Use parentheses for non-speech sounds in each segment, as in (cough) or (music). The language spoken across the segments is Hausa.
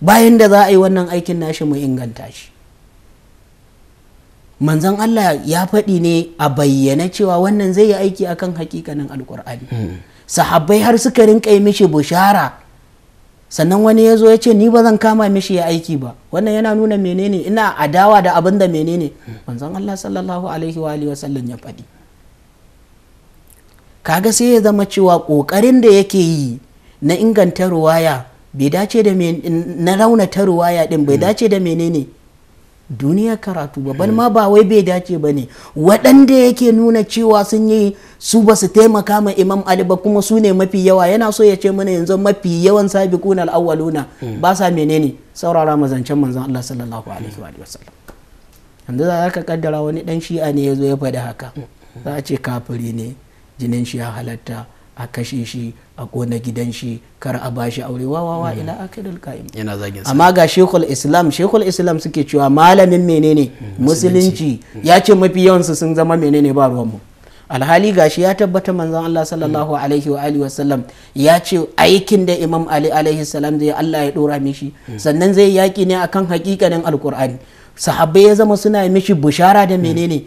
bayan da za a yi wannan aikin nashi mu inganta shi manzan Allah ya faɗi ne a bayyana cewa wannan zai yi aiki akan hakikanin alkur'ani sahabbai har suka rinka yi mishi bushara sannan wani ya zo ya ce ni ba zan kama mishi ya aiki ba wannan yana nuna menene ina adawa da abin da menene manzan Allah sallallahu alaihi wa sallam ya faɗi kaga sai ya zama cewa ƙoƙarin da yake yi na inganta ruwaya bai dace da na raunata ruwaya din bai hmm. dace da menene duniya karatu ba hmm. ma ba wai bai dace ba ne waɗanda yake nuna cewa sun yi su ba su taimaka ma imam ali ba kuma su ne mafi yawa yana so ya ce mana yanzu mafi yawan sabi al-awwaluna hmm. ba sa menene saurara mazancen manzon Allah sallallahu alaihi wa sallam yanzu za ka kaddara wani dan shi'a ne ya zo ya faɗi haka za a ce kafiri ne jinin shi ya halatta a kashe shi a gona gidan shi kar a bashi aure wawawa mm. ila akidul qa'im yana zagin amma ga shekul islam shekul islam suke cewa malamin menene mm. musulunci mm. yace mafi yawan su sun zama menene ba ruwan mu alhali gashi ya tabbata manzon Allah sallallahu alaihi wa alihi wasallam ya aikin da Imam Ali alaihi salam zai Allah ya dora mishi sannan zai yaki ne akan hakikanin alkur'ani sahabbai ya zama suna mishi bushara da menene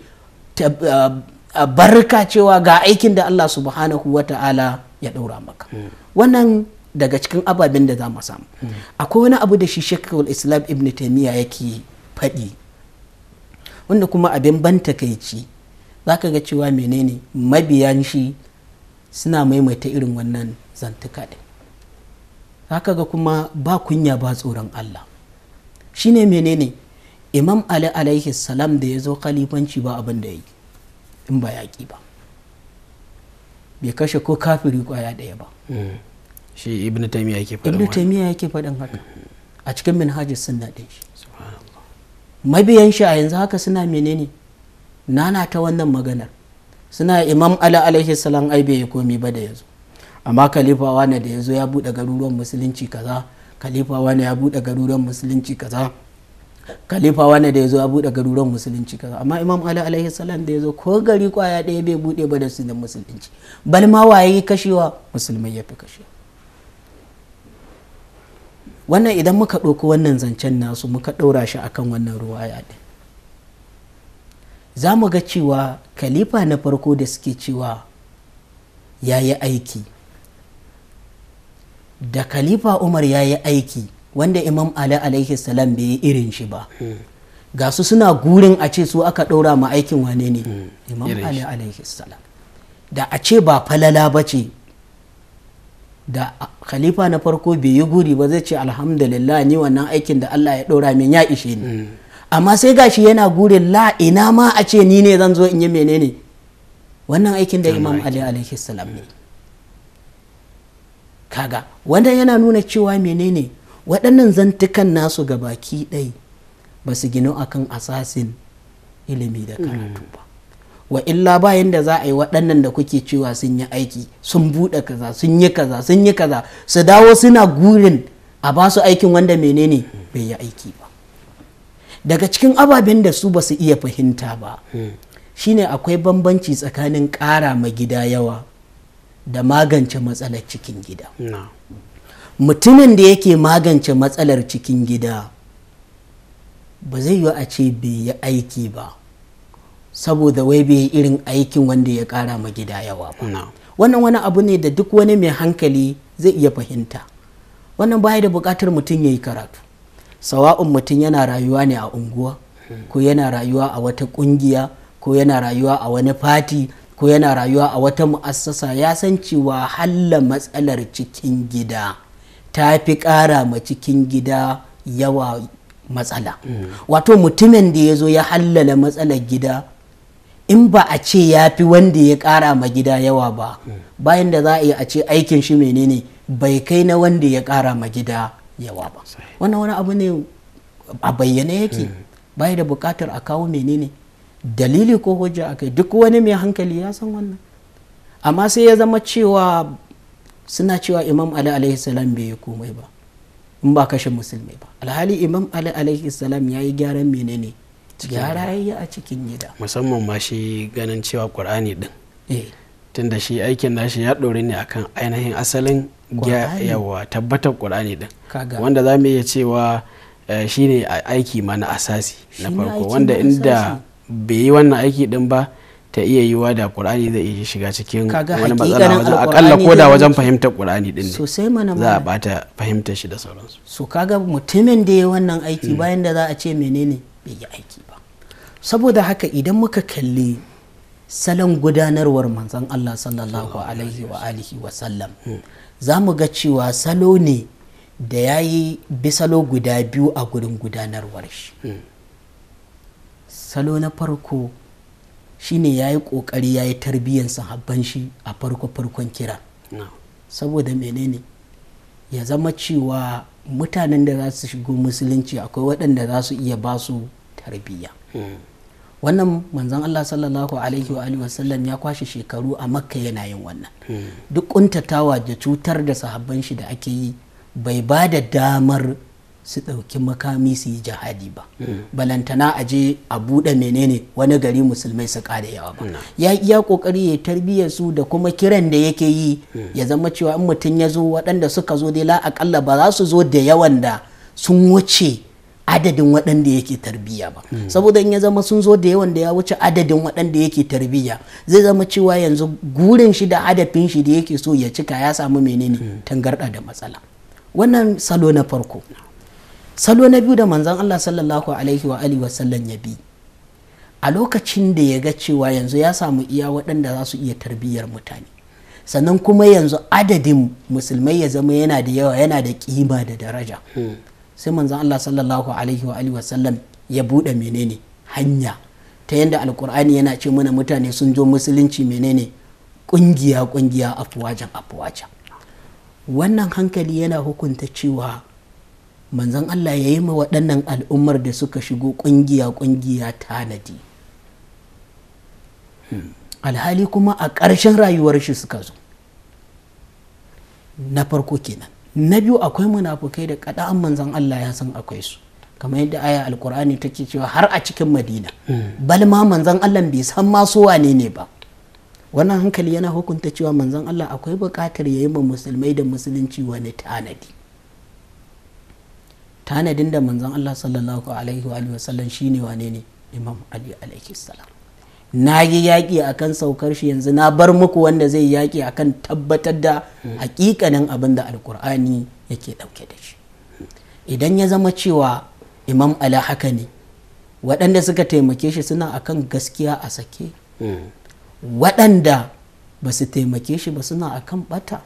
uh, uh, barka cewa ga aikin da Allah subhanahu wa ta'ala ya ɗaura maka wannan daga cikin ababen da za mu samu akwai wani abu da shi shekarar islam ibn taimiyya yake faɗi wanda kuma abin ban takaici za ka ga cewa menene mabiyan shi suna maimaita irin wannan zantuka ɗin za ka ga kuma ba kunya ba tsoron allah shine menene imam ali alaihi salam da ya zo kalifanci ba abin da ya yi in ba yaƙi ba bai kashe ko kafiri kwaya ɗaya ba hmm. shi ibn taymiya yake faɗin ibn taymiya yake faɗin haka a cikin minhajis sunna din shi mabiyan shi a yanzu haka suna menene nana ta wannan maganar suna imam ala alaihi salam ai bai komi ba da yanzu. amma khalifa wani da yazo ya buɗe garuruwan musulunci kaza khalifa wani ya buɗe garuruwan musulunci kaza Kalifa wanda da ya zo ya buɗe garuruwan musulunci kaza amma imam ali alaihi salam da ya zo ko gari kwaya ɗaya bai buɗe ba da sunan musulunci bal ma waye kashewa musulmai ya fi kashewa wannan idan muka ɗauko wannan zancen nasu muka ɗaura shi akan wannan ruwaya ɗin za mu ga cewa kalifa na farko da suke cewa ya yi aiki da kalifa umar ya yi aiki wanda imam ali alaihi salam bai yi irin shi ba ga su suna gurin a ce su aka ɗora ma aikin wane ne hmm, imam ali alaihi salam da a ce ba falala ba ce da khalifa na farko bai yi guri ba zai ce alhamdulillah ni wannan aikin da allah ya ɗora min ya ishe ni hmm. amma sai gashi yana gurin la ina ma a ce ni ne zan zo in yi menene wannan aikin da imam ali alaihi salam hmm. ne kaga wanda yana nuna cewa menene waɗannan zantukan nasu ga baki ɗai ba su gino kan asasin ilimi da karatu mm. ba wa illa bayan da za a yi waɗannan da kuke cewa sun yi aiki sun buɗe kaza sun yi kaza sun yi kaza su dawo suna gurin a ba su aikin wanda menene bai yi aiki ba daga cikin ababen da su ba su iya fahimta ba mm. shine akwai bambanci tsakanin ƙara ma gida yawa da magance matsalar cikin gida. mutumin da yake magance matsalar cikin gida ba zai yi a ce bai yi aiki ba saboda wai bai irin aikin wanda ya kara ma gida yawa ba wannan wani abu ne da duk wani mai hankali zai iya fahimta wannan baya da bukatar mutum ya yi karatu sawa'un mutum yana rayuwa ne a unguwa ko yana rayuwa a wata kungiya ko yana rayuwa a wani fati ko yana rayuwa a wata mu'assasa ya san cewa halla matsalar cikin gida ta fi ƙara ma cikin gida yawa matsala mm. wato mutumin da ya zo ya hallala matsalar gida in ba a ce ya fi wanda ya ƙara ma gida yawa ba mm. bayan da za a yi a ce aikin shi menene bai kai na wanda ya kara ma gida yawa ba wannan wani abu ne a bayyane yake mm. bayan da buƙatar a kawo menene dalili ko hujja kai duk wani mai hankali ya san wannan amma sai ya zama cewa suna cewa imam ali alaihi salam bai yi komai ba in ba kashe musulmi ba alhali imam ali alaihi salam ya yi gyaran menene gyara ya yi a cikin gida musamman ma shi ganin cewa qur'ani din eh. tunda shi aikin nashi ya ɗore ne akan ainihin asalin yawa tabbatar qur'ani din wanda za mu iya cewa eh, shine aiki ma na asasi na farko wanda inda bai yi wannan aiki din ba ta iya yiwa da qur'ani zai iya shiga cikin wani matsala wajen akalla ko da wajen fahimtar qur'ani din sosai mana za a bata fahimtar shi da sauransu so kaga mutumin da ya wannan aiki hmm. bayan da za a ce menene bai yi aiki ba saboda haka idan muka kalli salon gudanarwar manzon Allah sallallahu alaihi wa alihi wa sallam hmm. za mu ga cewa salo ne da ya yi bisalo guda biyu a gurin gudanarwar shi hmm. salo na farko shine ya yi ƙoƙari ya yi tarbiyyar sahabban shi a farko-farkon kira saboda menene ya zama cewa mutanen da za su shigo musulunci akwai waɗanda za su iya ba su tarbiyya hmm. wannan manzon Allah sallallahu alaihi wa wasallam ya kwashe shekaru a makka yana yin wannan hmm. duk kuntatawa da cutar da sahabban shi da ake yi bai ba da damar su ɗauki makami su yi jihadi ba hmm. balantana a je a buɗe menene wani gari musulmai su ƙara yawa ba hmm. ya iya ƙoƙari ya tarbiyyar su da kuma kiran da yake yi hmm. ya zama cewa in mutum ya zo waɗanda suka zo dai la'akalla ba za su zo da yawan da sun wuce adadin waɗanda yake tarbiyya ba saboda in ya zama sun zo da yawan da ya wuce adadin waɗanda yake tarbiyya zai zama cewa yanzu gurin shi da adafin shi da yake so ya cika ya samu menene tangarɗa da matsala wannan salo na farko salo na biyu da manzan Allah sallallahu alaihi wa alihi wasallam ya bi a lokacin da ya ga cewa yanzu ya samu iya waɗanda za su iya tarbiyyar mutane sannan kuma yanzu adadin musulmai ya zama yana da yawa yana da kima da daraja hmm. sai manzan Allah sallallahu alaihi wa alihi wasallam ya buɗe menene hanya ta yadda alkur'ani yana ce mana mutane sun zo musulunci menene kungiya kungiya afuwajen afuwajen wannan hankali yana hukunta cewa manzon Allah ya yi ma waɗannan al'ummar da suka shigo ƙungiya-ƙungiya tanadi hmm. alhali kuma a ƙarshen rayuwar shi suka zo na farko kenan na biyu akwai munafukai da kaɗa'an manzon Allah ya san akwai su kamar yadda aya alkur'ani take cewa har a cikin madina hmm. balma ma manzon Allah bai san ma su wane ne ba wannan hankali yana hukunta cewa manzon Allah akwai buƙatar ya yi ma musulmai da musulunci wani tanadi tanadin da manzon Allah sallallahu alaihi wa sallam shine wane ne imam ali alaihi salam na yi yaƙi akan saukar shi yanzu na bar muku wanda zai yaƙi akan tabbatar da hmm. hakikanin abin da alkur'ani yake dauke da shi idan ya zama cewa imam ali haka ne waɗanda suka taimake shi suna akan gaskiya a sake hmm. waɗanda ba su taimake shi ba suna akan bata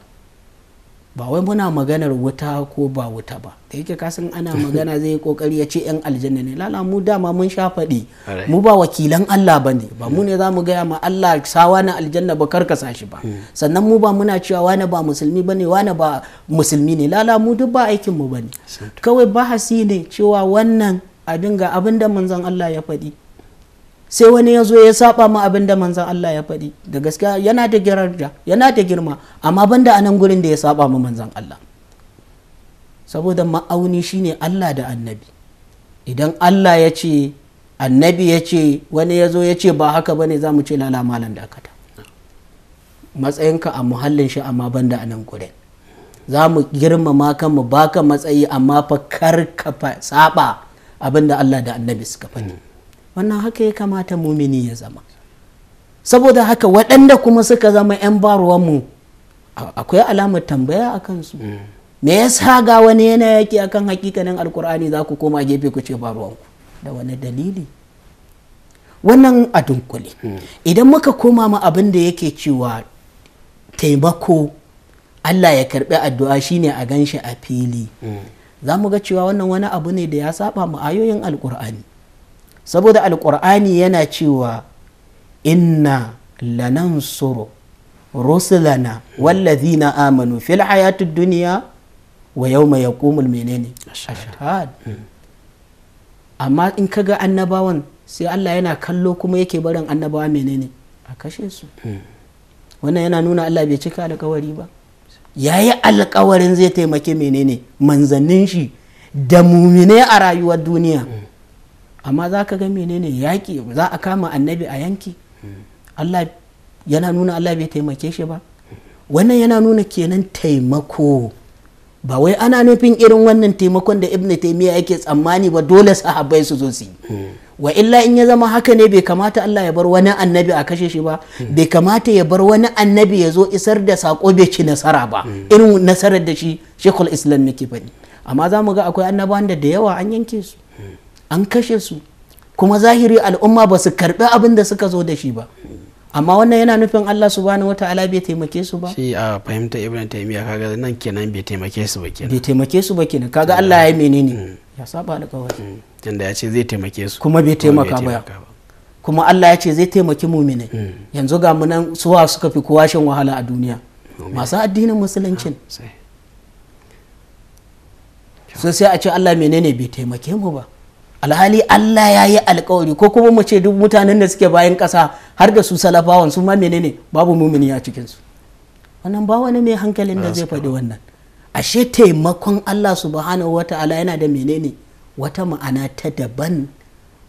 ba wai muna maganar wuta ko ba wuta ba da yake kasan ana (laughs) magana zai yi kokari ya ce yan aljanna ne lala mu dama mun sha faɗi mu ba wakilan Allah ba ne ba mu hmm. ne za mu gaya ma Allah sawa na aljanna ba karkasa shi ba hmm. sannan mu ba muna cewa wani ba musulmi ba ne wani ba musulmi ne lala mu duk ba aikin mu ba ne kawai bahasi ne cewa wannan a dinga abin da manzon Allah ya faɗi sai wani ya zo ya saba ma abin da manzan Allah ya faɗi da gaskiya yana da girarja yana da girma amma banda da anan gurin da ya saba ma manzan Allah saboda ma'auni shine Allah da annabi idan Allah ya ce annabi ya ce wani ya zo ya ce ba haka bane za mu ce lala malam dakata matsayinka a muhallin shi amma banda da anan gurin za mu girmama kan mu baka matsayi amma fa kar ka saba abin da Allah da annabi suka faɗi wannan haka ya kamata mumini ya zama saboda haka waɗanda kuma suka zama 'yan mu akwai alamar tambaya a kansu mm. me yasa ga wani yana yaki akan hakikanin alkur'ani za ku koma gefe ku ce baruwanku da wani dalili wannan a dunkule mm. idan muka koma ma abin da yake cewa taimako allah ya karbi addu'a shine a ganshi a fili mm. za mu ga cewa wannan wani abu ne da ya saba mu ayoyin alkur'ani saboda alkur'ani yana cewa inna lanan lanansuru rusulana na amanu fil hayatun duniya wa ya kumul menene ne amma in kaga annabawan sai Allah yana kallo kuma yake barin annabawa menene a kashe su wannan yana nuna Allah bai cika alkawari ba ya yi alkawarin zai taimake menene manzannin shi da mumine a rayuwar duniya amma za ka ga menene yaƙi za a kama annabi a yanki allah yana nuna allah bai taimake shi ba wannan yana nuna kenan taimako ba wai ana nufin irin wannan taimakon da ibn taimiyya yake tsammani ba dole sahabbai su zo su yi wa illa in ya zama haka ne bai kamata Allah ya bar wani annabi a kashe shi ba bai kamata ya bar wani annabi ya zo isar da sako bai ci nasara ba irin nasarar da shi shekul islam yake faɗi amma za mu ga akwai annabawan da da yawa an yanke su an kashe su kuma zahiri al'umma ba su karbi abin da suka zo da shi ba amma wannan yana nufin Allah subhanahu wataala bai taimake su ba shi a fahimta ibn taymiya kaga nan kenan bai taimake su ba kenan bai taimake su ba kenan kaga Allah ya menene mm. ya saba alƙawari mm. tunda ya ce zai taimake su kuma bai taimaka ba kuma Allah ya ce zai taimaki mu'mini mm. yanzu ga mu nan suwa suka fi kowa shan wahala a duniya masu addinin musuluncin ah, sai sai a ce Allah menene bai taimake mu ba alhali Allah ya yi alkawari ko kuma mu ce duk mutanen da suke bayan ƙasa har da su salafawan su ma menene babu mumini a cikinsu wannan ba wani mai hankalin da zai faɗi wannan ashe taimakon Allah subhanahu wa ta'ala yana da menene wata ma'ana ta daban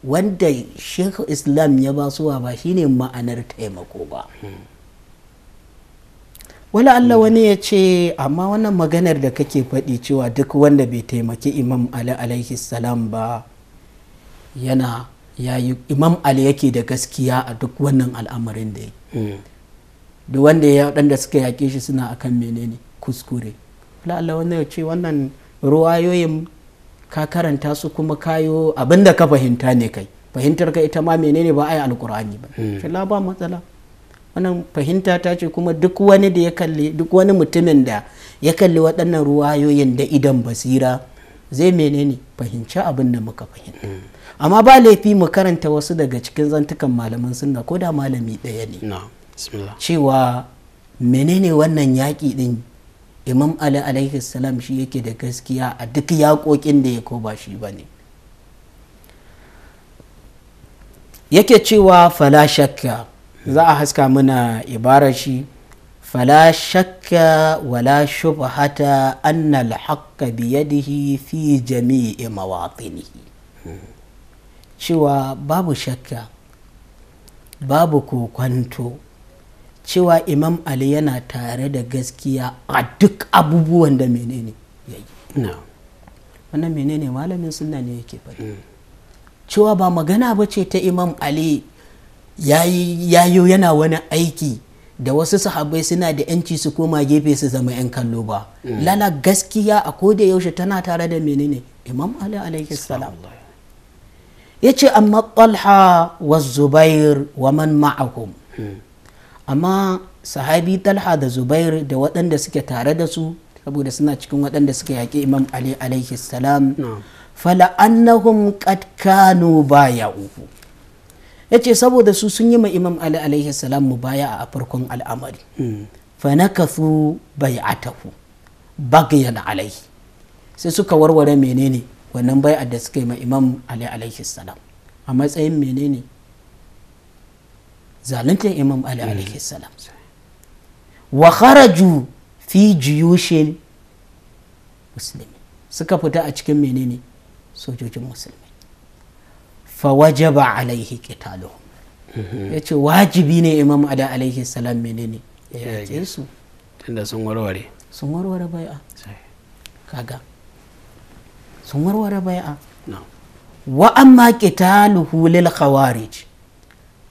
wanda shekhu islam ya ba suwa ba shine ma'anar taimako ba wala Allah hmm. wani ya ce amma wannan maganar da kake faɗi cewa duk wanda bai taimaki imam ali alaihi salam ba yana yayi imam ali yake da gaskiya a duk wannan al'amarin da ya hmm. da wanda ya waɗanda suka yaƙe shi suna akan menene kuskure Allah wanda ya ce wannan ruwayoyin ka karanta su kuma kayo abinda ka fahimta ne kai fahimtar ka ita ma menene ba a yi alkur'ani ba hmm. shi ba matsala wannan fahimta ta ce kuma duk wani da ya kalli duk wani mutumin da ya kalli waɗannan ruwayoyin da idan basira zai menene fahimci abin da muka fahimta hmm. amma ba laifi mu karanta wasu daga cikin zantukan malaman sunna ko da malami ɗaya ne cewa menene wannan yaƙi ɗin imam ali alaihi salam shi yake da gaskiya a duk yaƙoƙin da ya ko ba shi ba ne yake cewa fala shakka za a haska mana ibarar shi fala shakka wala shubhata anna al-haqqa biyadihi fi jami'i cewa babu shakka babu kokwanto cewa imam ali yana tare da gaskiya a duk abubuwan da menene ya yi wannan menene malamin sunna ne yake faɗi mm. cewa ba magana ba ce ta imam ali ya yi yana wani aiki da wasu sahabbai suna da yanci su koma gefe su zama 'yan kallo ba mm. lala gaskiya a koda yaushe tana tare da menene imam ali alaihi salam ya ce amma talha wa zubair wa man ma'ahum amma sahabi talha da zubair da waɗanda suke tare da su saboda suna cikin waɗanda suka yaƙi imam ali alaihi salam fala annahum qad kanu baya'uhu yace saboda su sun yi ma imam ali alaihi salam baya a farkon al'amari fa nakathu bai'atahu bagyana alaihi sai suka warware menene wannan bai da suka yi ma imam ali alaihi salam a matsayin menene zaluntar imam ali mm. alaihi salam wa kharaju fi jiyushin musulmi suka fita a cikin menene sojojin musulmi fa wajaba alaihi qitaluhum mm-hmm. ya ce wajibi ne imam ali alaihi salam menene ya ce su tunda sun warware sun warware bai'a kaga sun warware bai'a wa amma qitaluhu lil khawarij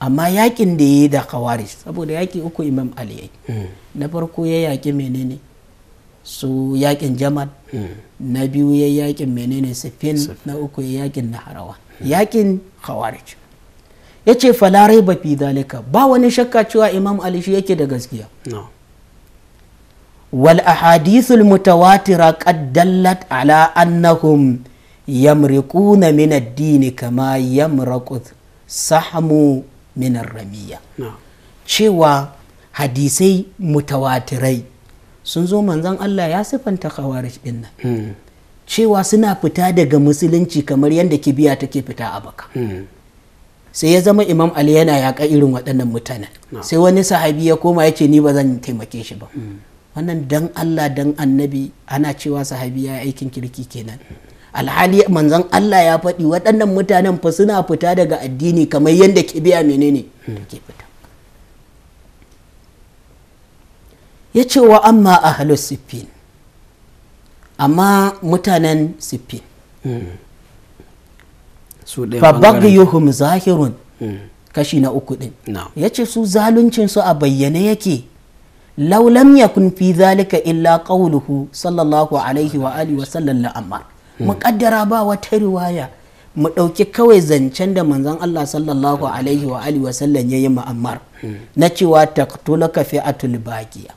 amma yakin da yayi da khawarij saboda yaki uku imam ali hmm. na farko ya yaki menene su yakin jamal hmm. na biyu ya yakin menene sifin na uku ya yakin naharawa hmm. yakin khawarij ya ce falarai ba fi dalika ba wani shakka cewa imam ali shi yake da gaskiya wal ahadithul mutawatira qad dallat ala annahum yamriquna min ad-din kama yamraqu sahmu min ramiya cewa hadisai mutawatirai sun zo manzon Allah ya sifanta khawarij din nan hmm. cewa suna fita daga musulunci kamar yadda kibiya take fita a baka hmm. sai ya zama imam ali yana yaƙa irin waɗannan mutanen sai wani sahabi ya koma ya ce ni ba zan taimake shi ba hmm. wannan dan Allah dan annabi ana cewa sahabi ya aikin kirki kenan alhali manzon Allah ya faɗi waɗannan mutanen fa suna fita daga addini kamar yadda kibiya menene ke fita ya ce wa amma ahlus siffin amma mutanen siffin fabaghiyuhum zahirun mm. kashi na uku din ya ce su zaluncinsu a bayyane yake laulam ya yakun fi zalika illa qawluhu sallallahu alaihi wa alihi wa sallan la amma muqaddara ba wata riwaya mu ɗauki kawai zancen da manzon Allah sallallahu alaihi wa alihi wa sallam yi mu'ammar na cewa fi fi'atul baqiya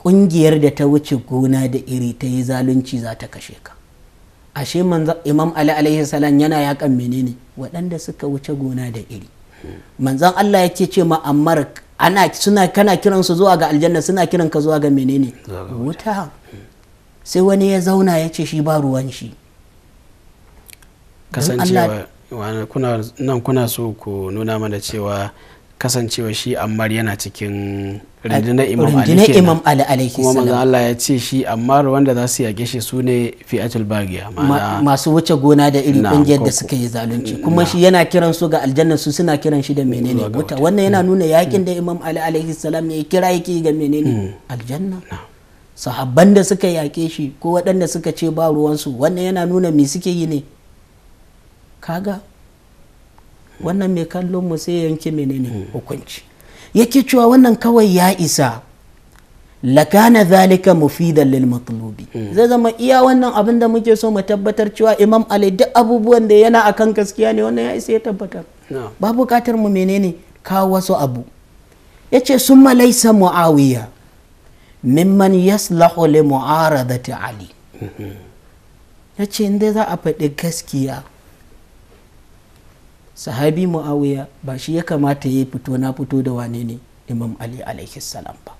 kungiyar da ta wuce gona da iri ta yi zalunci za ta kashe ka ashe imam ali alaihi salam yana yakan menene waɗanda suka wuce gona da iri manzon Allah yake ce ma ammar suna kana kiran su zuwa ga aljanna suna kiran ka zuwa ga menene wuta sai wani ya zauna ya ce shi ba ruwan shi kasancewa nan kuna so ku nuna mana cewa kasancewa shi ammar yana cikin rundunar imam ali alaihi kuma maza Allah ya ce shi amma wanda za su yage shi su ne fi'atul bagiya masu wuce gona da iri kungiyar da suka yi zalunci kuma shi yana kiran su ga aljanna su suna kiran shi da menene wuta wannan yana hmm. nuna yakin hmm. da imam ali alaihi salam ya kira yake ga menene hmm. aljanna sahabban da suka yake shi ko waɗanda suka ce ba ruwansu wannan yana nuna me suke yi ne kaga wannan mai kallon mu sai yanke menene hukunci yake cewa wannan kawai ya isa lakana zalika mufidan lil matlubi hmm. zai zama iya wannan abin da muke so mu tabbatar cewa imam ali duk abubuwan da yana akan gaskiya ne wannan ya isa ya tabbatar ba bukatar mu menene kawo wasu abu yace summa laysa muawiya mimman yaslahu li mu'aradati ali mm-hmm. yace inda za a faɗi gaskiya sahabi muawiya ba shi ya kamata ya fito na fito da wane ne imam ali alaihi salam ba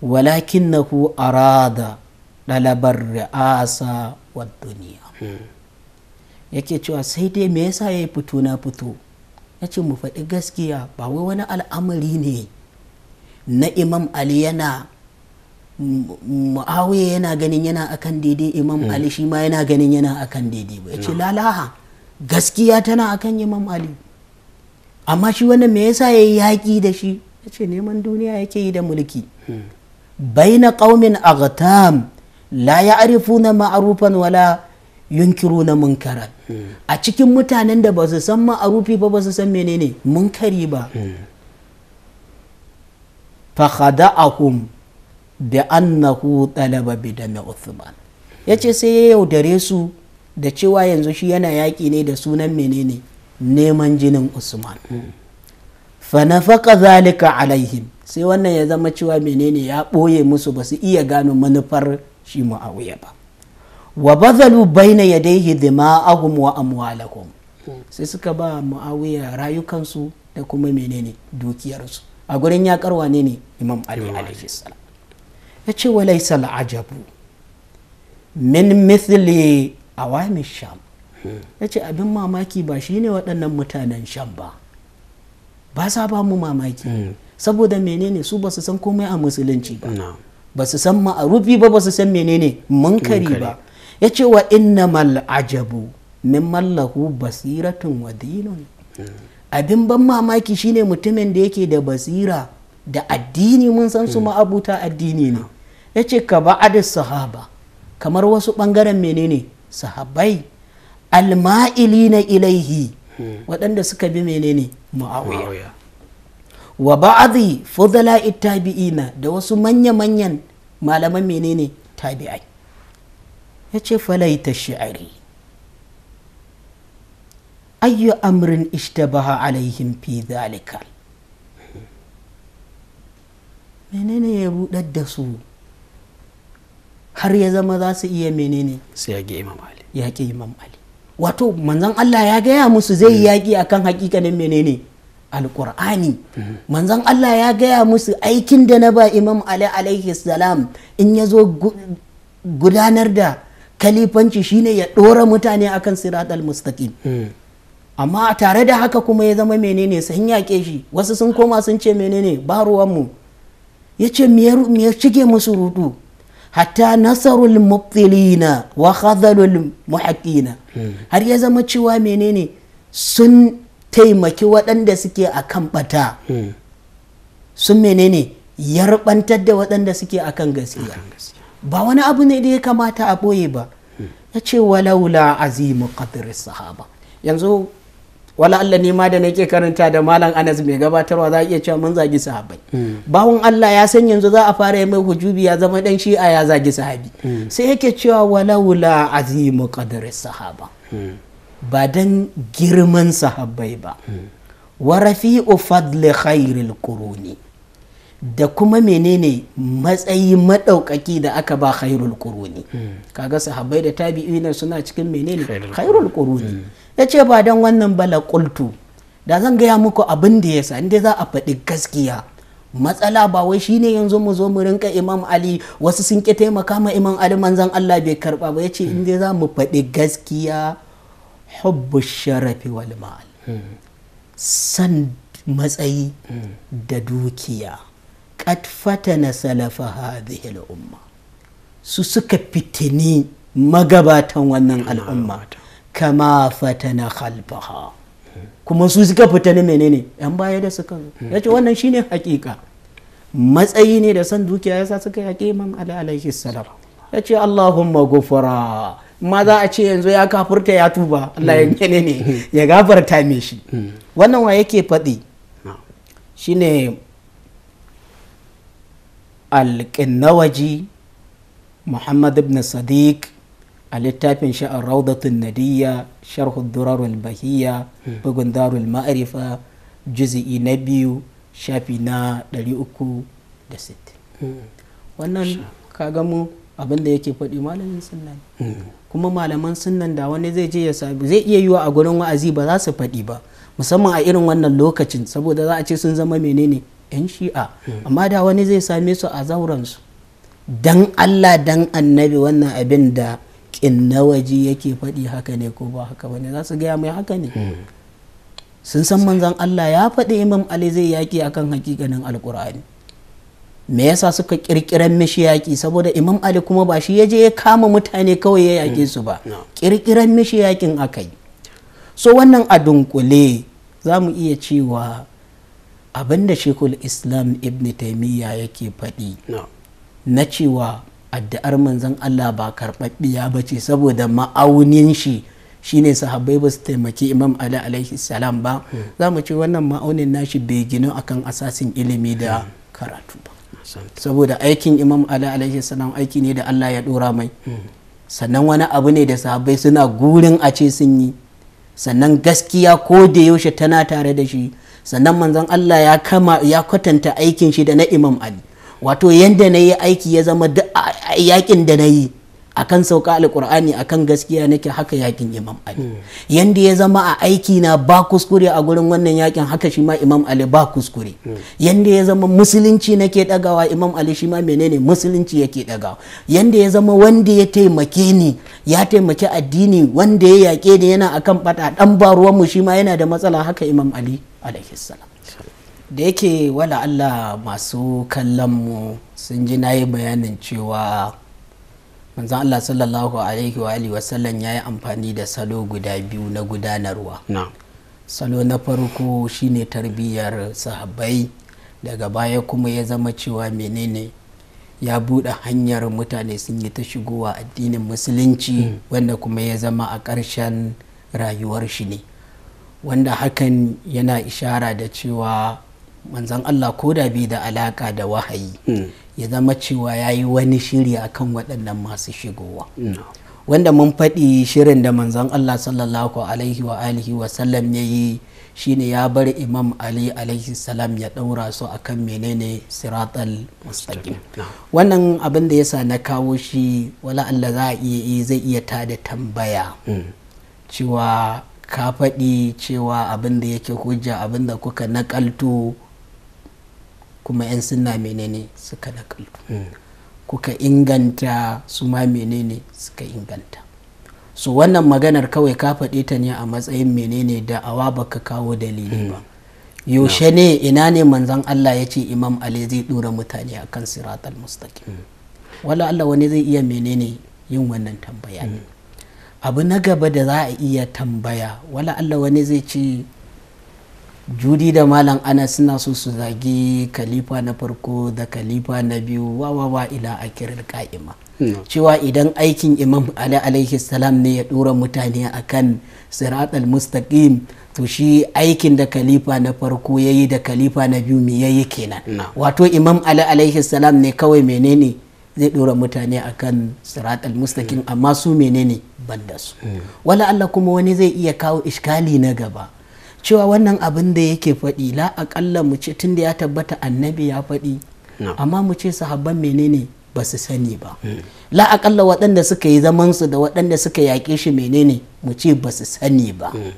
walakin na ku arada ɗalabar ri'asa wa duniya hmm. yake cewa sai dai me yasa ya fito na fito ya ce mu faɗi gaskiya ba wai wani al'amari ne na imam ali yana mu'awiya yana ganin yana akan daidai imam hmm. ali shi ma yana ganin yana akan daidai ba ya ce hmm. lalaha gaskiya tana akan imam ali amma shi wannan me yasa ya yi yaƙi da shi ya ce neman duniya yake yi da mulki baina ƙaumin aghtam la ya'rifuna ma'arufan wala yunkiru yunkiruna munkara a cikin mutanen da ba su san ma'arufi ba ba su san menene munkari ba fakhada'ahum bi annahu talaba bi dami uthman yace sai ya yaudare su da cewa yanzu shi yana yaƙi ne da sunan menene neman jinin usman mm. fa zalika alaihim sai wannan ya zama cewa menene ya ɓoye musu ba su iya gano manufar shi ma'auya ba wa bazalu baina ya hidima dima'ahum wa amwalahum mm. sai suka ba ma'awuya rayukansu da kuma menene dukiyarsu a gurin ya karwa ne ne imam ali alaihi salam ya ce wa laisa min mithli awamin sham ya ce abin mamaki ba shi ne waɗannan mutanen sham ba ba sa ba mu mamaki hmm. saboda menene su ba su san komai a musulunci ba ba su san ma'arufi ba ba su san menene munkari ba ya ce wa inna mal'ajabu min mallahu basiratun wa dinun hmm. abin ban mamaki shine mutumin da yake da basira da addini mun san su hmm. ma'abuta addini ne ya ce ka ba'adis sahaba kamar wasu bangaren menene sahabai sahabbai na ilaihi waɗanda suka bi menene muawiya wa ba'adhi fudala tabi'ina da wasu manya-manyan malaman menene tabi'ai ya ce falaita shi'ari ayyu amrin ishtabaha alaihin fi zalika. Hmm. menene ya rudar da su har ya zama za su iya menene su yaƙi imam ali imam ali wato manzan Allah ya gaya musu zai hmm. yaƙi akan hakikanin menene alƙur'ani hmm. manzan Allah ya gaya musu aikin da na ba imam ali alaihi salam in ya zo gudanar da kalifanci shine ya ɗora mutane akan siratal al-mustaqim hmm. amma tare da haka kuma ya zama menene sun yaƙe shi wasu sun koma sun ce menene ba ruwanmu ya ce me ya musu rudu hatta nasarul mubtilina wa khazalul muhaqqina har ya zama cewa menene sun taimaki waɗanda suke akan ɓata sun menene yarɓantar da waɗanda suke akan gaskiya ba wani abu ne da ya kamata a ɓoye ba ya ce walaula azimu qadri sahaba yanzu wala Allah ne ma da nake karanta da malam Anas mai gabatarwa za a iya cewa mun zagi sahabbai hmm. bawon Allah ya san yanzu za a fara yi mai hujubi ya zama dan shi'a ya zagi sahabi hmm. sai yake cewa wala wula azimu sahaba hmm. ba dan girman sahabai ba wa rafi'u fadli khairil kuruni. da kuma menene matsayi madaukaki da aka ba khairul kuruni. kaga sahabai da tabi'ina suna cikin menene khairul kuruni. ya ce ba don wannan bala kultu da zan gaya muku abin da ya sa inda za a faɗi gaskiya matsala ba wai shine yanzu mu zo mu rinka imam ali wasu sun ƙi taimaka ma imam ali manzan allah bai karba ba ya ce hmm. inda za mu faɗi gaskiya hubbu sharafi wal ma'al hmm. san matsayi hmm. da dukiya qad na salafa hadhihi al su suka fitini magabatan wannan al'umma kama na khalfaha kuma su suka fita na menene yan baya da suka zo ya ce wannan shine hakika matsayi ne da san dukiya yasa suka yi hakiman ala alaihi salam ya ce allahumma gufara ma za a ce yanzu ya kafurta ya tuba allah ya gane ne ya gafarta me shi wannan wa yake faɗi shine alƙinnawaji muhammad ibn sadiq a littafin shi a raudatun nadiyya sharhu durarul bahiyya hmm. bugun darul ma'arifa juzi'i na biyu shafi na 360 hmm. wannan kaga mu abin da yake faɗi malamin sunan hmm. kuma malaman sunan da wani zai je ya sabu zai iya yiwa a gurin wa'azi ba za su faɗi ba musamman a irin wannan lokacin saboda za a ce sun zama menene yan shi'a amma da wani zai same su a zauransu dan Allah dan annabi wannan abin da kin na waje yake faɗi haka ne ko ba haka ne za su gaya mai haka ne hmm. sun san manzan Allah ya faɗi imam Ali zai yaƙi akan hakikanin alkur'ani me yasa suka kirkiran mishi yaƙi saboda imam Ali kuma ba shi ya je ya kama mutane kawai ya yaƙe hmm. su ba kirkiran mishi yaƙin yi so wannan a dunkule za mu iya cewa abinda shekul islam ibn taimiyya yake faɗi na cewa addu'ar manzon Allah ba karɓaɓɓiya ba ce saboda ma'aunin shi shine sahabai ba su taimaki imam ali alaihi salam ba za mu ce wannan ma'aunin nashi bai gino akan asasin ilimi da hmm. karatu ba saboda aikin imam ali alaihi salam aiki ne da Allah ya dora mai hmm. sannan wani abu ne da sahabai suna gurin a ce sun yi sannan gaskiya ko da yaushe tana tare da shi sannan manzon Allah ya kwatanta aikin shi da na imam ali wato yadda na yi aiki ya zama duk yakin da na yi a kan sauka alkur'ani akan gaskiya nake haka yakin imam ali hmm. yanda ya zama a aiki na ba kuskure a gurin wannan yakin haka shi ma imam ali ba kuskure hmm. yanda ya zama musulunci nake dagawa imam ali shi ma menene musulunci yake dagawa yanda ya zama wanda ya taimake ni ya taimaki addini wanda ya yake ni yana akan bata dan ba ruwan mu shi ma yana da matsala haka imam ali alaihi salam da yake wala Allah masu kallonmu sun ji na yi bayanin cewa manzan Allah sallallahu alaihi wa alihi wasallam ya yi amfani da salo guda biyu na gudanarwa salo na farko shine tarbiyyar sahabbai daga baya kuma ya zama cewa menene ya buɗe hanyar mutane sun yi ta shigowa addinin musulunci hmm. wanda kuma ya zama a ƙarshen rayuwar shi ne wanda hakan yana ishara da cewa manzan Allah ko da bai da alaka da wahayi hmm. ya zama cewa ya yi wani shiri akan waɗannan masu shigowa hmm. wanda mun faɗi shirin da manzan Allah sallallahu alaihi wa alihi wa sallam ya yi shine ya bar imam ali alaihi salam ya ɗaura su akan menene siratal mustaqim wannan abin da yasa na kawo shi wala Allah za a iya zai iya tada tambaya hmm. cewa ka faɗi cewa abin da yake hujja abin da kuka nakalto kuma 'yan sunna menene suka nakalu hmm. kuka inganta su ma menene suka inganta so wannan maganar kawai ka faɗe ta ne a matsayin menene da awa baka kawo dalili ba hmm. yaushe ne ina ne manzon Allah ya ce imam Ali zai ɗora mutane a kan siratal mustaqim hmm. wala Allah wani zai iya menene yin wannan tambaya abu na gaba da za a iya tambaya wala Allah wani zai ce judi da malam ana suna so su zagi kalifa na farko da kalifa na biyu wa wa ila kirar ka'ima cewa idan aikin imam ali alaihi salam ne ya dora mutane akan siratal mustaqim to shi aikin da kalifa na farko ya yi da kalifa na biyu me ya yi kenan wato imam ali alaihi salam ne kawai menene zai dora mutane akan siratal mustaqim mm. amma su menene ban da su mm. wala Allah kuma wani zai iya kawo iskali na gaba cewa wannan abin da yake faɗi la aƙalla mu ce tunda ya tabbata annabi ya faɗi amma mu ce sahabban menene ba su sani ba hmm. la aƙalla waɗanda suka yi zamansu da waɗanda suka yaƙe shi menene mu ce ba su sani ba hmm.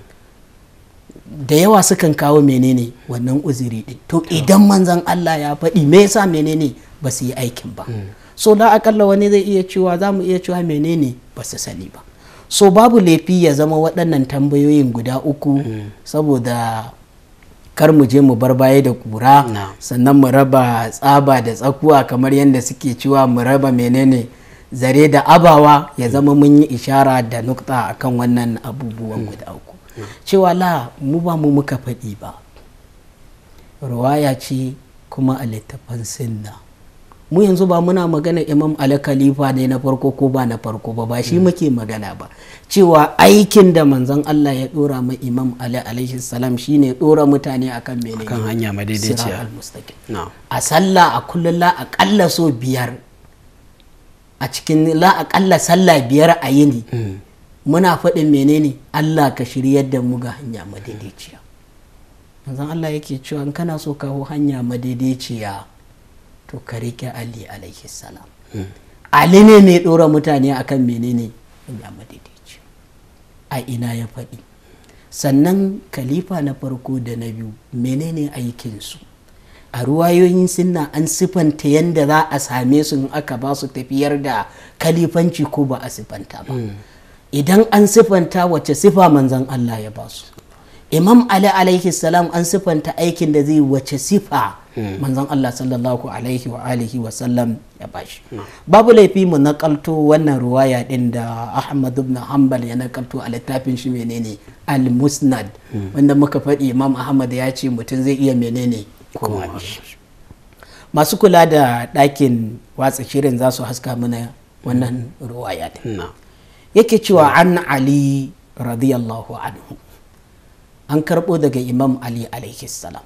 da yawa sukan kawo menene wannan uzuri din to idan manzan Allah ya faɗi me yasa menene ba su yi aikin ba hmm. so la akalla wani zai iya cewa za mu iya cewa menene ba su sani ba so babu laifi ya zama waɗannan tambayoyin guda uku hmm. saboda kar mu je mu bar baya da kura sannan mu raba tsaba da tsakuwa kamar yadda suke cewa mu raba menene zare da abawa ya zama mun yi ishara da nukta akan wannan abubuwan hmm. guda uku hmm. cewa la mu ba mu muka faɗi ba ruwaya ce kuma a littafan sinna mu yanzu ba muna magana imam ala khalifa ne na farko ko ba na farko ba ba shi mm. muke magana ba cewa aikin da manzon Allah ya dora ma imam ala alaihi salam shine dora mutane akan mene kan hanya madaidaiciya a sallah a kullum la aqalla so biyar a cikin la aqalla sallah biyar a yini mm. muna faɗin menene Allah ka shiryar da mu ga hanya madaidaiciya manzon Allah yake cewa kana so kawo hanya madaidaiciya to ka riƙe ali alaihi salam ali ne mai ɗora mutane akan menene ya madaidaici a ina ya faɗi sannan kalifa na farko da na biyu menene aikinsu a ruwayoyin sunna an sifanta yadda za a same su in aka ba su tafiyar da kalifanci ko ba a sifanta ba hmm. idan an sifanta wace sifa manzan allah ya ba su imam ali alaihi salam an sifanta aikin da zai wace sifa hmm. manzon Allah sallallahu alaihi wa alihi wa sallam ya bashi hmm. babu laifi mu nakalto wannan ruwaya din da Ahmad ibn Hanbal ya nakalto a littafin shi menene al-Musnad hmm. wanda muka faɗi Imam Ahmad ya ce mutum zai iya menene masu kula da ɗakin watsa shirin za su haska mana wannan ruwaya din yake cewa an Ali radiyallahu anhu an karɓo daga imam ali alaihi salam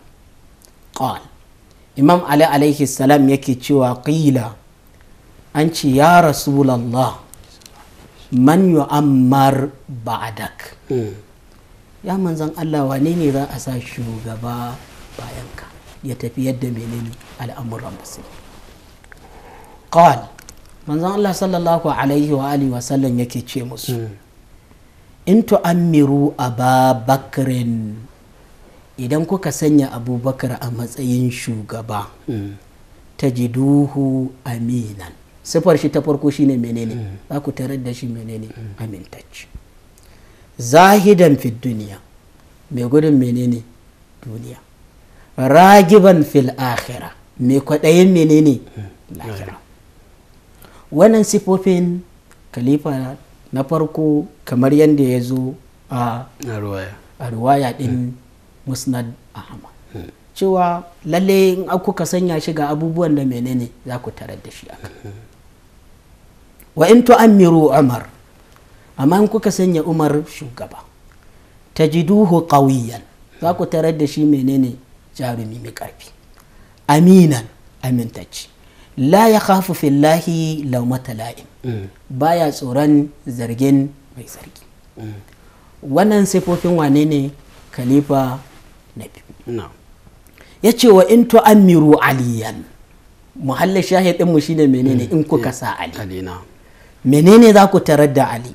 qal imam ali alaihi salam yake cewa qila an ce ya rasulallah man ammar ba'dak hmm. ya manzan Allah wane ne za a sa shugaba bayanka ya tafi yadda menene al'amuran basu qal manzan Allah sallallahu alaihi wa alihi wa sallam yake ce musu hmm. in tu'ammiru aba bakrin idan kuka sanya abubakar a matsayin shugaba mm. ta duhu aminan siffar shi ta farko shine menene mm. za ku tarar da shi menene mm. amintacci zahidan fi duniya mai gudun menene duniya ragiban fil akhira mai kwaɗayin menene lahira wannan sifofin kalifa na farko kamar yadda ya zo a ruwaya din hmm. musnad ahmad hmm. cewa lalle in kuka sanya shi ga abubuwan da menene za ku tarar da shi aka hmm. wa in tu'ammiru umar amma in kuka sanya umar shugaba tajiduhu qawiyan za ku tarar da shi menene jarumi mai karfi aminan amintacci la ya khafu fillahi laumata la'im baya tsoron zargin mai sarki wannan sifofin wane ne khalifa na biyu ya ce wa in tu'ammiru aliyan muhallin shahidinmu shine menene mm. in kuka sa ali menene za ku tarar da ali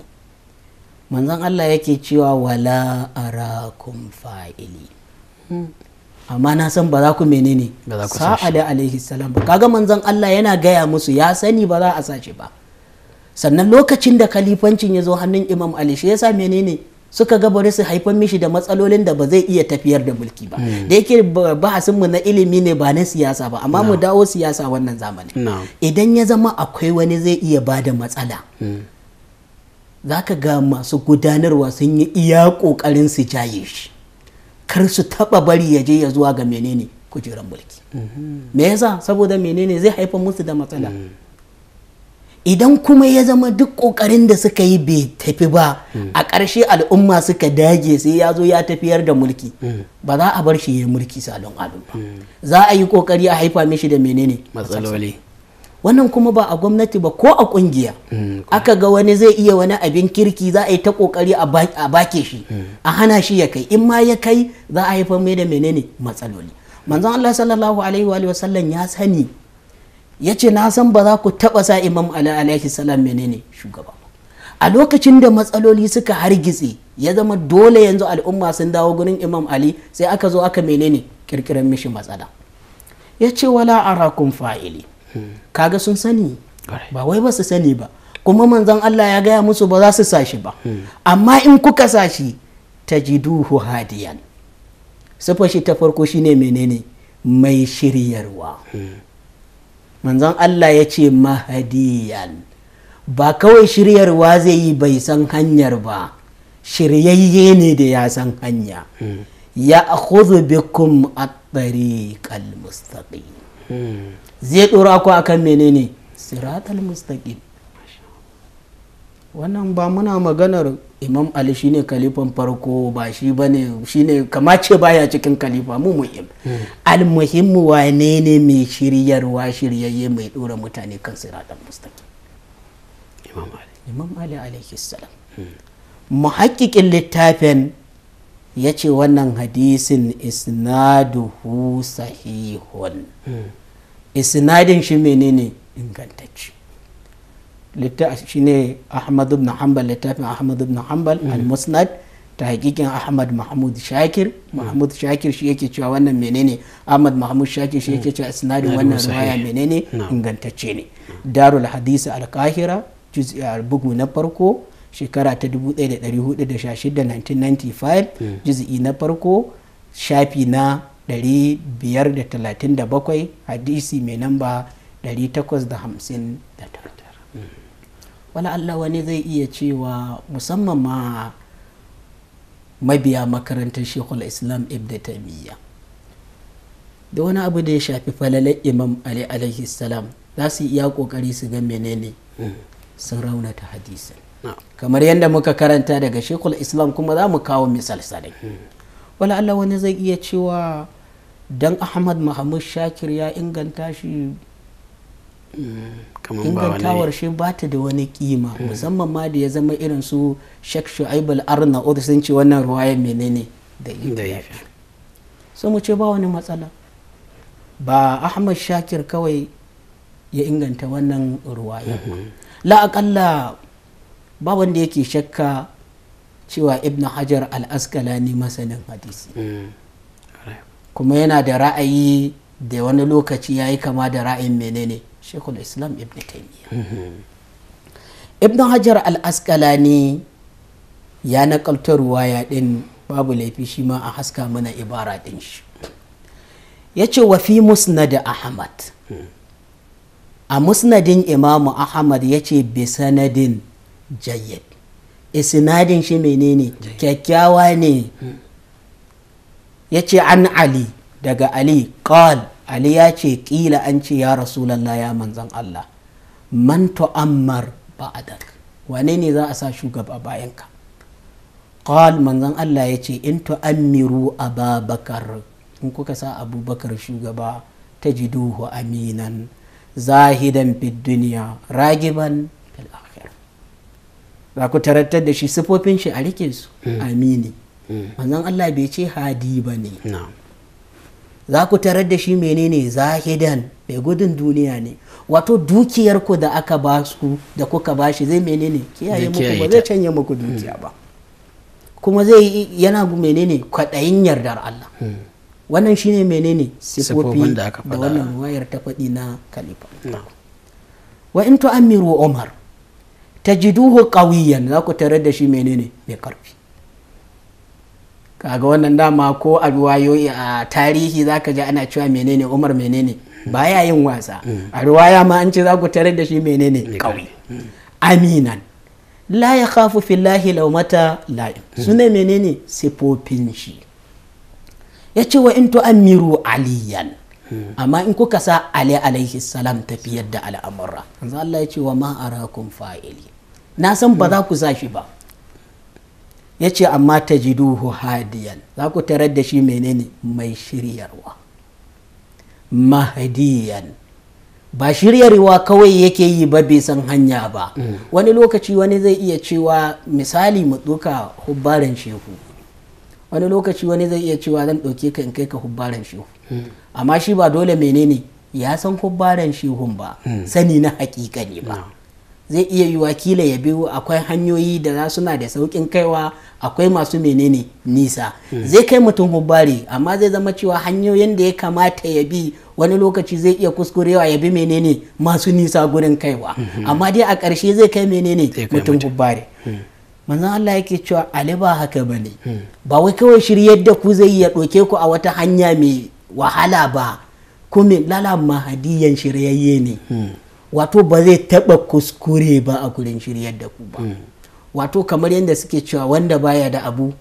manzon Allah yake cewa wala arakum fa'ili hmm. amma na san ba za ku menene sa'a da alaihi salam ba kaga manzon Allah yana gaya musu ya sani ba za a sace ba sannan lokacin da kalifancin ya zo hannun imam ali shi yasa menene suka ga bari su haifan mishi da matsalolin da ba zai iya tafiyar da mulki ba hmm. da yake bahasin mu na ilimi ne ba na siyasa ba amma mu dawo siyasa wannan zamani idan ya zama akwai wani zai iya ba da matsala hmm. za ka ga masu gudanarwa sun yi iya ƙoƙarin su jaye shi kar su taɓa bari ya je ya zuwa ga menene kujerar mulki hmm. me yasa saboda menene zai haifar musu da matsala idan kuma ya zama duk kokarin da suka yi bai tafi ba a ƙarshe al'umma suka dage sai ya zo ya tafiyar da mulki ba za a bar shi ya mulki salon alum ba za a yi kokari a haifa mishi da menene matsaloli wannan kuma ba a gwamnati ba ko a kungiya mm, aka ga wani zai iya wani abin kirki za a yi ta kokari a bake shi mm. a hana shi ya kai in ma ya kai za a haifa mai da menene matsaloli manzon Allah sallallahu alaihi wa sallam ya sani ya ce na san ba za ku taɓa sa imam ali alaihi salam menene shugaba a lokacin da matsaloli suka hargitse ya zama dole yanzu al'umma sun dawo gurin imam ali sai aka zo aka menene kirkiran mishi matsala ya ce wala arakun fa'ili kaga sun sani ba wai ba su sani ba kuma manzon Allah ya gaya musu ba za su sashi ba hmm. amma in kuka sashi ta duhu hadiyan sifar shi ta farko shine menene mai shiryarwa hmm. manzon Allah ya ce mahadiyan ba kawai shiryarwa zai yi bai san hanyar ba shiryayye ne da ya san hanya hmm. ya akhudhu bikum at-tariqal mustaqim hmm. zai dora ku akan menene siratal mustaqim wannan ba muna maganar imam ali shine kalifan farko ba shi ne shine kamace baya cikin kalifa mu muhim hmm. almuhimmu wane ne mai shiryarwa shiryayye mai dora mutane kan siratan mustaqim imam ali imam ali alaihi salam hmm. muhaqqiqin littafin ya ce wannan hadisin isnaduhu sahihun hmm. isnadin shi menene ingantacce shine ahmad ibn hanbal littafin ahmad ibn hanbal mm. al-musnad ta hakikin ahmad mahmud shakir mm. mahmud shakir shi yake cewa wannan menene ahmad mahmud shakir shi yake mm. cewa isnadin wannan riwaya menene ingantacce ne darul hadisi al-kahira bugu na farko shekara ta 1416 1995 juz'i na farko shafi na 537 hadisi mai namba 859 wala Allah wani zai iya cewa musamman ma mabiya makarantar shekul islam ibn da wani abu da ya shafi falalar imam ali alaihi salam za su iya kokari su ga menene sun raunata hadisin kamar yadda muka karanta daga shekul islam kuma za mu kawo misal sadai hmm. wala Allah wani zai iya cewa dan ahmad muhammad shakir ya inganta shi ingantawar shi ba ta da wani kima musamman ma da ya zama irin su shek shu'aib arna da sun ce wannan ruwayar menene da ya so mu ce ba wani matsala ba ahmad shakir kawai ya inganta wannan ruwaya mm-hmm. la'akalla ba wanda yake shakka cewa ibn hajar al-askalani masanin hadisi mm. kuma yana da ra'ayi da wani lokaci ya yi kama da ra'ayin menene shekul islam ibn taimiyya ibn hajar al askalani ya nakalta ruwaya din babu laifi shi ma a haska mana ibara din shi ya ce wa fi musnad ahmad a musnadin imamu ahmad ya ce bi sanadin jayyid isnadin shi menene kyakkyawa ne hmm. ya ce an ali daga ali qal ali ya ce ƙila an ce ya rasulallah ya manzan allah man tu'ammar ba'adak wane ne za a sa shugaba bayanka qal manzan allah ya ce in tu'ammiru ababakar in kuka sa abubakar shugaba ta ji aminan zahidan fid duniya ragiban fil akhir za ku tarattar da shi sifofin shi a rike su hmm. amini hmm. manzan allah bai ce hadi ba ne za ku tarar da shi menene zahidan mai gudun duniya ne wato dukiyarku da aka ba su da kuka ba shi zai menene kiyaye muku ba zai canye muku hmm. dukiya ba kuma zai yana menene kwaɗayin yardar Allah hmm. wannan shine menene sifofi da wannan wayar ta faɗi na kalifa wa in tu'amiru umar tajiduhu qawiyan za ku tarar da shi menene mai karfi kaga wannan dama ko a ruwayoyi a tarihi zaka ji ana cewa menene umar menene baya yin wasa a ruwaya ma an ce za ku tarar da shi menene kawai aminan la ya khafu fillahi laumata hmm. suna menene sifofin shi ya ce wa in tu'ammiru aliyan hmm. amma in kuka sa ali alaihi salam tafiyar da al'amura Allah ya ce wa ma arakum fa'ili na san ba za ku sa shi ba ya ce amma ta duhu hadiyan za ku tarar da shi menene mai shiryarwa mahadiyan ba shiryarwa kawai yake yi ba bai san hanya ba mm. wani lokaci wani zai iya cewa misali mu ɗuka hubbaran shehu wani lokaci wani zai iya cewa zan ɗauke ka in kai ka hubbaran shehu mm. amma shi ba dole menene ya san hubbaran shehun ba mm. sani na hakika ne ba zai iya yiwa kila ya biyu akwai hanyoyi da za suna da saukin kaiwa akwai masu menene nisa hmm. zai kai mutum hubbari amma zai zama cewa hanyoyin da ya kamata ya bi wani lokaci zai iya kuskurewa ya bi menene masu nisa gurin kaiwa hmm. amma dai a ƙarshe zai kai menene mutum hubbari hmm. manzan Allah yake cewa ali ba haka ba ne ba wai kawai shiryar da ku zai iya ɗauke ku a wata hanya mai wahala ba kuma lala mahadiyan shiryayye ne wato ba zai taɓa kuskure ba a gurin shiryar da ku ba hmm. wato kamar yadda suke cewa wanda baya da abu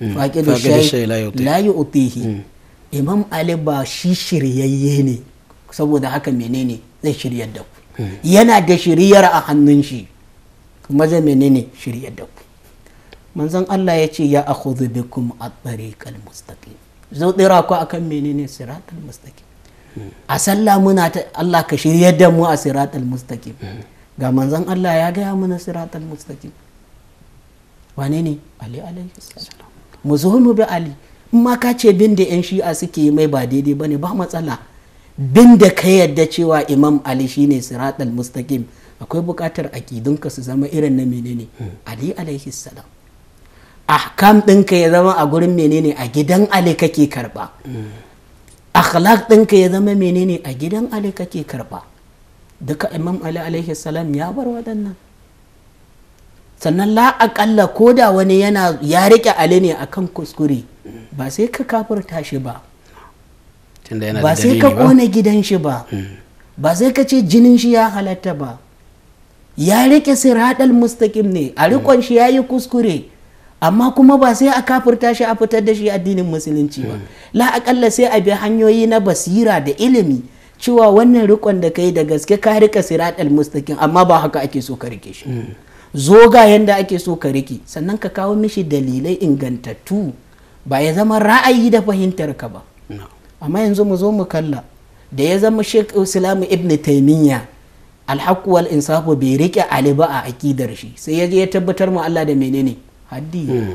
hmm. faƙi da shayi layu utihi hmm. imam ali ba shi shiryayye ne saboda haka menene zai shiryar da ku yana da shiryar a hannun shi kuma zai menene shiryar da ku manzon Allah ya ce ya akhudhu bikum at-tariqal mustaqim zai tsira ku akan menene siratal mustaqim a sallah muna ta Allah ka shiryar da mu a siratal mustaqim ga manzon Allah ya gaya mana siratal mustaqim wane ne ali alaihi salam mu zo mu bi ali in ma ka ce bin da yan shi'a suke mai ba daidai bane ba matsala bin da ka yadda cewa imam ali shine siratal mustaqim akwai buƙatar aƙidunka su zama irin na menene ali alaihi salam ahkam ɗinka ya zama a gurin menene a gidan ali kake karba. akhlaq ɗinka ya zama menene a gidan ali kake karba duka imam ali alaihi salam ya bar waɗannan sannan la aƙalla ko da wani yana ya riƙe ali ne akan kuskure ba sai ka kafurta shi ba ba sai ka ƙone gidan shi ba hmm. ba sai ka ce jinin shi ya halatta ba ya riƙe siraɗal mustaƙim ne a rikon shi ya yi kuskure amma kuma ba sai a kafirta shi a fitar da shi addinin musulunci ba eh. la akalla sai a bi hanyoyi na basira da ilimi cewa wannan rikon da kai da gaske ka rika siratal mustaqim amma ba haka ake so ka rike shi eh. zo ga yanda ake so ka rike sannan ka kawo mishi dalilai ingantattu ba ya zama ra'ayi da fahimtar ka ba amma yanzu mu zo mu kalla da ya zama Sheikh Islam Ibn taimiyya alhaq wal insafu bai rike ali ba a akidar shi sai ya je ya tabbatar mu Allah da menene haddi hmm.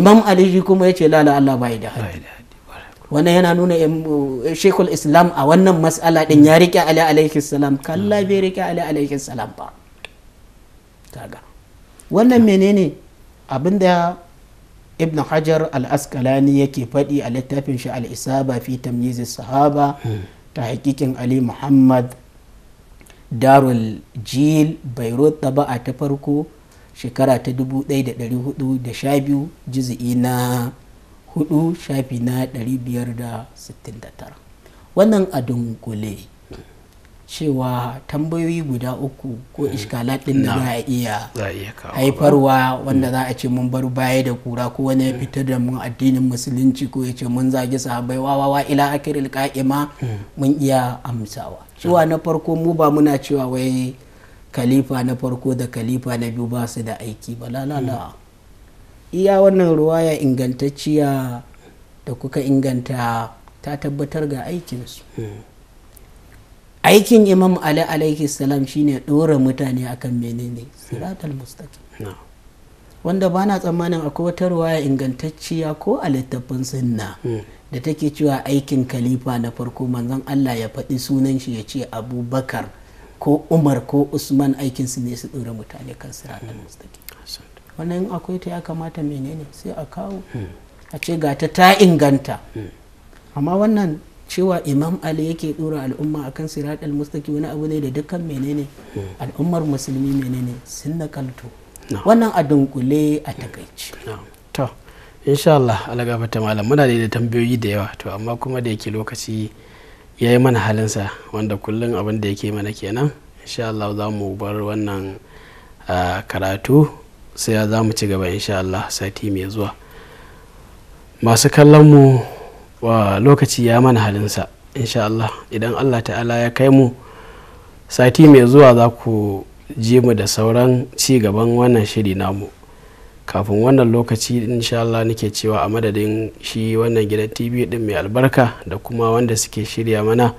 imam ali kuma ya ce lala allah bai da wannan yana nuna eh, shekul islam a wannan mas'ala din ya rike ali alaihi salam kalla hmm. bai rike ali alaihi salam ba kaga wannan menene abinda ibn hajar al-askalani yake faɗi a littafin shi al-isaba fi tamyizis sahaba hmm. ta hakikin ali muhammad darul jil bairut taba'a ta farko shekara ta 1412 jizi'i na 4 shafi na 569 wannan a dunkule cewa tambayoyi guda uku ko hmm. iskala ɗin da za a iya haifarwa wanda hmm. za a ce mun bar baya da kura ko wani ya hmm. fitar da mun addinin musulunci ko ya ce mun zagi sahabai wawawa ila akirin ka'ima mun iya amsawa cewa na farko mu ba muna cewa wai kalifa na farko da kalifa na biyu ba su da aiki ba lalala iya wannan ruwaya ingantacciya da kuka inganta ta tabbatar ga aikinsu aikin imam ali alaihi salam shine ɗora mutane akan menene siratal mustaqim wanda ba na tsammanin akwai wata ruwaya ingantacciya ko a littafin sunna da take cewa aikin kalifa na farko manzon allah ya faɗi sunan shi ya ce abubakar ko umar ko usman aikinsu ne su ɗora mutane kan siratan hmm. mustaki wannan akwai ta ya kamata menene sai a kawo hmm. a ce ga ta ta inganta hmm. amma wannan cewa imam ali yake dora al'umma akan sirat al-mustaki wani abu ne da dukkan menene al'ummar musulmi menene sun nakalto wannan a dunkule a takaici to insha Allah algaba ta malam muna da tambayoyi da yawa to amma kuma da yake lokaci ya yi mana halinsa wanda kullum abin da yake mana kenan insha Allah za mu bar wannan karatu sai za mu ci gaba insha Allah sati mai zuwa masu kallon mu lokaci ya mana halinsa insha Allah idan Allah ta'ala ya kai mu sati mai zuwa za ku ji mu da sauran ci gaban wannan shiri namu kafin wannan lokaci insha Allah nake cewa a madadin shi wannan gidan tv din mai albarka da kuma wanda suke shirya mana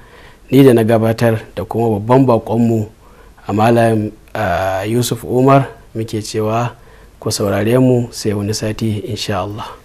ni da na gabatar da kuma babban bakonmu a malam yusuf umar muke cewa ku saurare mu sai wani sati insha Allah